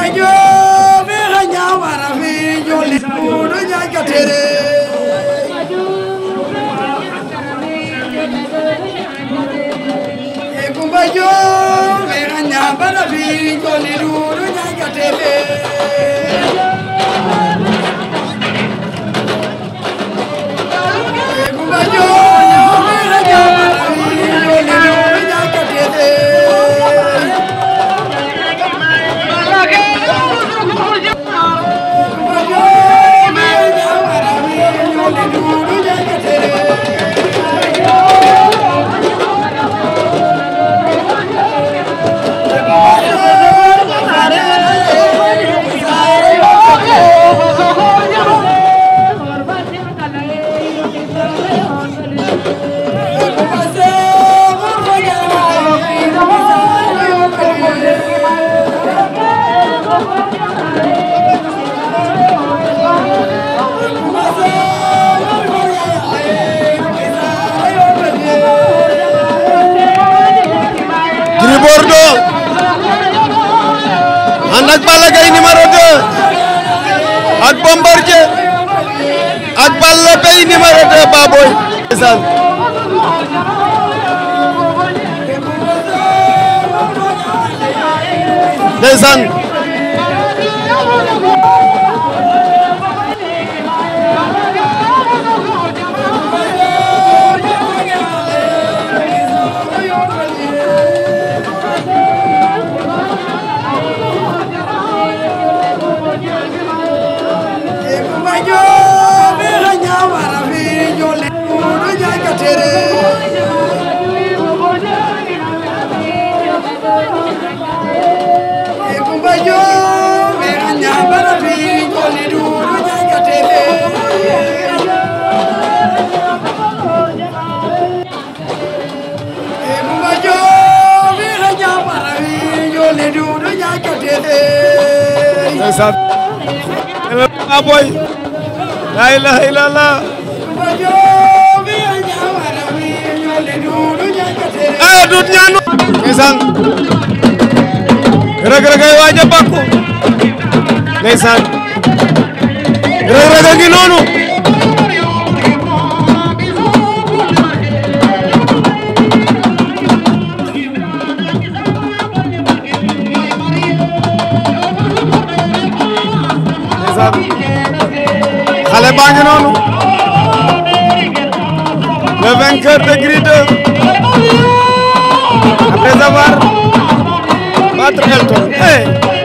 Bajo fexe eh, ñaawara fi jullit bu du ñàkk a tere e ku Bajo fexe eh, ñaawara fi jullit bu du ñàkk a tere e ku Bordeaux ànd ak Balla Gaye numéro 2 ak Bombardier ak Balla Gaye numéro 2 Baboy sant yàlla na boy la ilaha illallah ah duut ñaanu. ndeysaan Reug Reug ay waaj a bàkku ndeysaan Reug Reug a ngi noonu le vainqueur de Gris 2 après avoir battre Elton. Hey